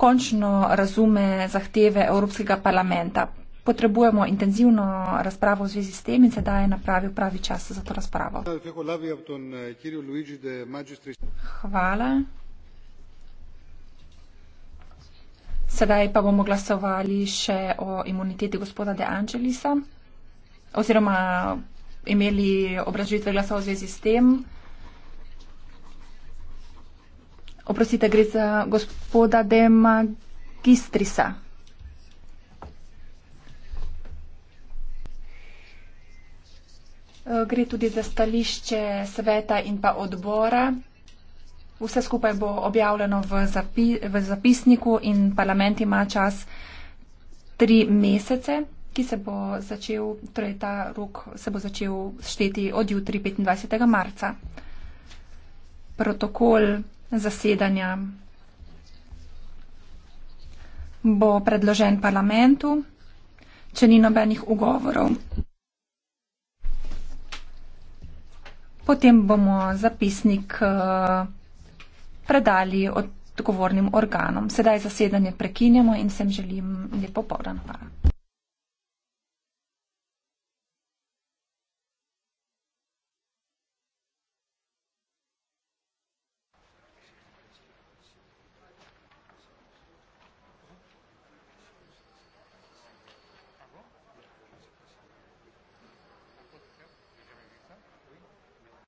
končno razume zahteve Evropskega parlamenta. Potrebujemo intenzivno razpravo v zvezi s tem in se daje napravil pravi čas za to razpravo. Hvala. Sedaj pa bomo glasovali še o imuniteti gospoda De Angelisa oziroma imeli obražitve glasov v zvezi s tem. Oprostite, gre za gospoda De Magistrisa. Eh, gre tudi za stališče sveta in pa odbora. Vse skupaj bo objavljeno v, zapi, v zapisniku in parlament ima čas tri mesece, ki se bo začel, torej ta rok se bo začel šteti od jutri 25. marca. Protokol zasedanja bo predložen parlamentu, če ni nobenih ugovorov. Potem bomo zapisnik eh, predali odgovornim organom. Sedaj zasedanje prekinjamo in vsem želim lepo povdan. Hvala.